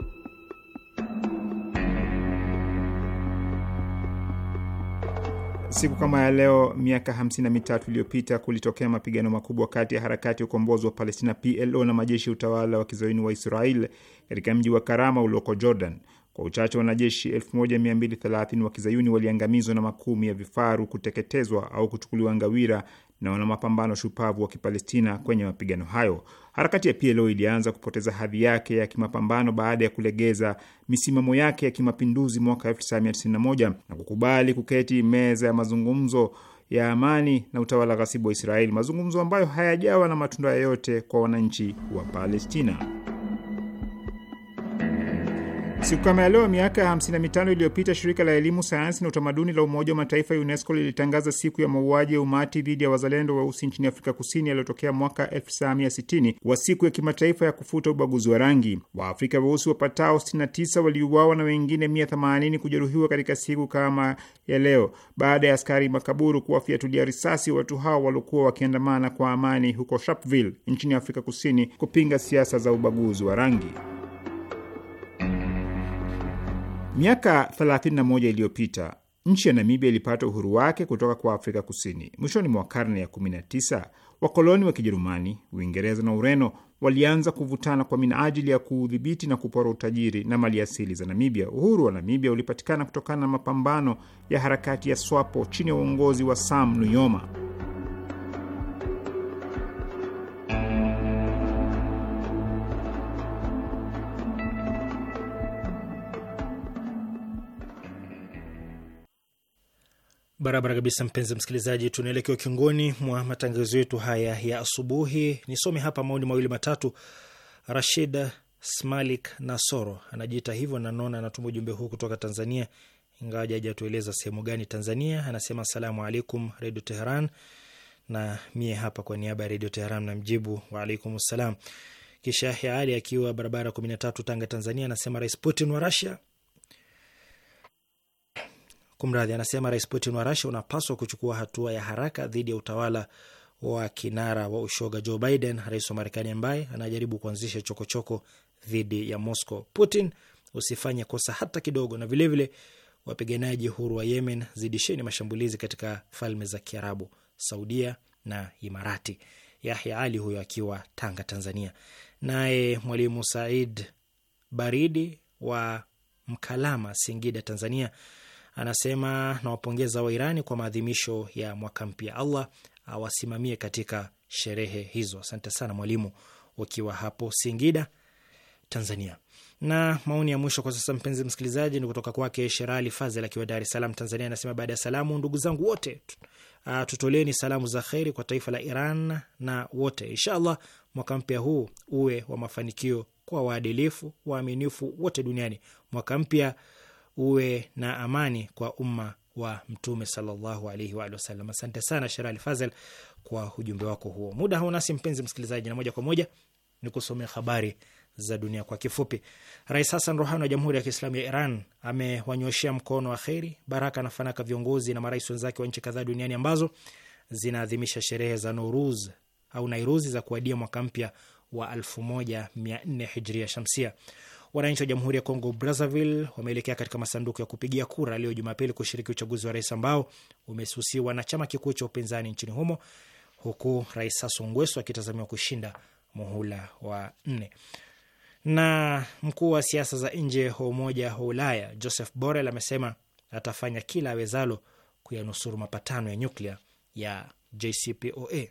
Siku kama ya leo miaka 53 iliyopita kulitokea mapigano makubwa kati ya harakati ya ukombozi wa Palestina PLO na majeshi ya utawala wa kizoini wa Israel katika mji wa Karama ulioko Jordan. Kwa uchache wanajeshi 1230 wa kizayuni waliangamizwa na makumi ya vifaru kuteketezwa au kuchukuliwa ngawira na wanamapambano shupavu wa Kipalestina kwenye mapigano hayo. Harakati ya PLO ilianza kupoteza hadhi yake ya kimapambano baada ya kulegeza misimamo yake ya kimapinduzi mwaka 1991 na kukubali kuketi meza ya mazungumzo ya amani na utawala ghasibu wa Israeli, mazungumzo ambayo hayajawa na matunda yoyote kwa wananchi wa Palestina. Siku kama ya leo miaka 55 iliyopita shirika la elimu, sayansi na utamaduni la Umoja wa Mataifa UNESCO lilitangaza siku ya mauaji ya umati dhidi ya wazalendo weusi nchini Afrika Kusini yaliyotokea mwaka 1960 wa siku ya kimataifa ya kufuta ubaguzi wa rangi. Waafrika weusi wapatao 69 waliuawa na wengine 180 kujeruhiwa katika siku kama ya leo baada ya askari makaburu kuwafiatulia risasi watu hao waliokuwa wakiandamana kwa amani huko Sharpeville nchini Afrika Kusini kupinga siasa za ubaguzi wa rangi. Miaka 31 iliyopita nchi ya Namibia ilipata uhuru wake kutoka kwa Afrika Kusini. Mwishoni mwa karne ya 19, wakoloni wa Kijerumani, Uingereza na Ureno walianza kuvutana kwa minajili ya kuudhibiti na kupora utajiri na maliasili za Namibia. Uhuru wa Namibia ulipatikana kutokana na mapambano ya harakati ya SWAPO chini ya uongozi wa Sam Nujoma. Barabara kabisa, mpenzi msikilizaji, tunaelekea ukingoni mwa matangazo yetu haya ya asubuhi. Nisome hapa maoni mawili matatu. Rashid Smalik Nasoro anajiita hivyo nanaona anatuma ujumbe huu kutoka Tanzania, ingawa hajatueleza sehemu gani Tanzania. Anasema asalamu alaikum Redio Teheran, na mie hapa kwa niaba ya Redio Teheran namjibu waalaikum salam. Kisha Yahya Ali akiwa barabara kumi na tatu, Tanga, Tanzania, anasema Rais Putin wa Rasia Kumradhi, anasema Rais Putin wa Russia unapaswa kuchukua hatua ya haraka dhidi ya utawala wa kinara wa ushoga Joe Biden, rais wa Marekani ambaye anajaribu kuanzisha chokochoko dhidi ya Moscow. Putin, usifanye kosa hata kidogo. Na vilevile vile, wapiganaji huru wa Yemen, zidisheni mashambulizi katika falme za Kiarabu, Saudia na Imarati. Yahya Ali huyo akiwa Tanga, Tanzania. Naye mwalimu Said Baridi wa Mkalama, Singida, Tanzania Anasema nawapongeza Wairani kwa maadhimisho ya mwaka mpya, Allah awasimamie katika sherehe hizo. Asante sana mwalimu, ukiwa hapo Singida, Tanzania. Na maoni ya mwisho kwa sasa, mpenzi msikilizaji, ni kutoka kwake Sherali Fazel akiwa Dar es Salaam, Tanzania. Anasema baada ya salamu, ndugu zangu wote, Uh, tutoleni salamu za kheri kwa taifa la Iran na wote, inshallah mwaka mpya huu uwe wa mafanikio kwa waadilifu, waaminifu wote duniani. Mwaka mpya uwe na amani kwa umma wa Mtume sallallahu alaihi wa sallam. Asante sana Sherali Fazel kwa ujumbe wako huo. Muda hau nasi, mpenzi msikilizaji, na moja kwa moja ni kusomea habari za dunia kwa kifupi. Rais Hassan Rohani wa Jamhuri ya Kiislamu ya Iran amewanyoshea mkono wa kheri, baraka na fanaka viongozi na marais wenzake wa nchi kadhaa duniani ambazo zinaadhimisha sherehe za Nuruz au Nairuzi za kuadia mwaka mpya wa 1400 hijria shamsia. Wananchi wa Jamhuri ya Kongo Brazzaville wameelekea katika masanduku ya kupigia kura leo Jumapili kushiriki uchaguzi wa rais ambao umesusiwa na chama kikuu cha upinzani nchini humo, huku Rais Sassou Nguesso akitazamiwa kushinda muhula wa nne. Na mkuu wa siasa za nje wa Umoja wa Ulaya Joseph Borrell amesema atafanya kila awezalo kuyanusuru mapatano ya nyuklia ya JCPOA.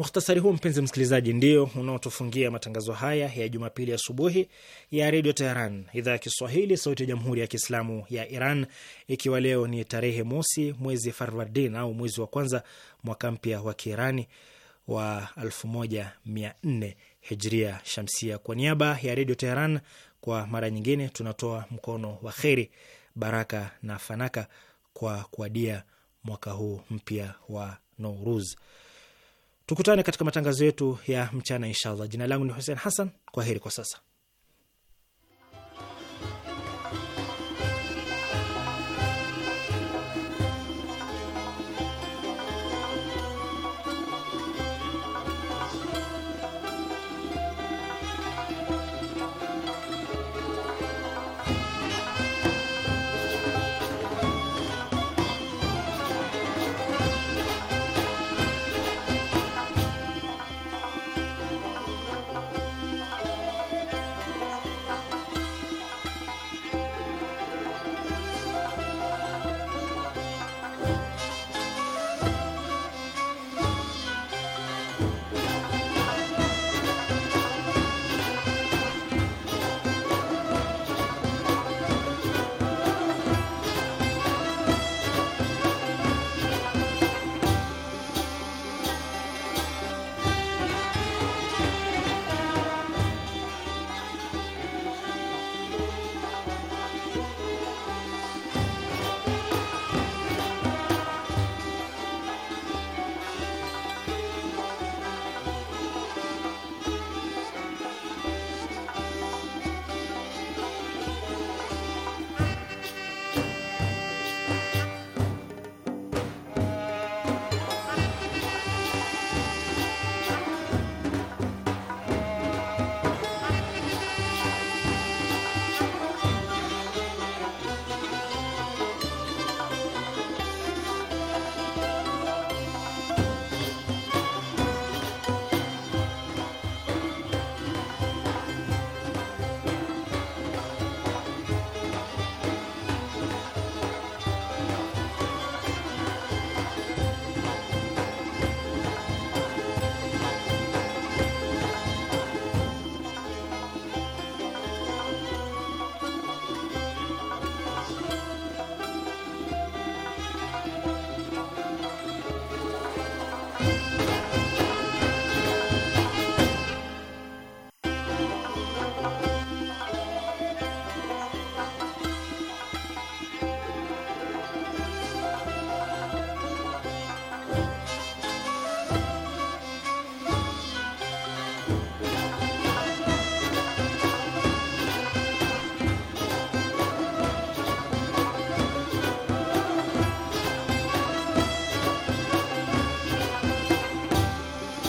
Mukhtasari huu mpenzi msikilizaji, ndio unaotufungia matangazo haya ya Jumapili asubuhi ya, ya redio Teheran, idhaa ya Kiswahili, sauti ya jamhuri ya kiislamu ya Iran, ikiwa leo ni tarehe mosi mwezi Farvardin au mwezi wa kwanza mwaka mpya wa Kiirani wa 1400 hijria shamsia. Kwa niaba ya redio Teheran, kwa mara nyingine tunatoa mkono wa kheri, baraka na fanaka kwa kuadia mwaka huu mpya wa Nouruz. Tukutane katika matangazo yetu ya mchana inshallah. Jina langu ni Hussein Hassan, kwa heri kwa sasa.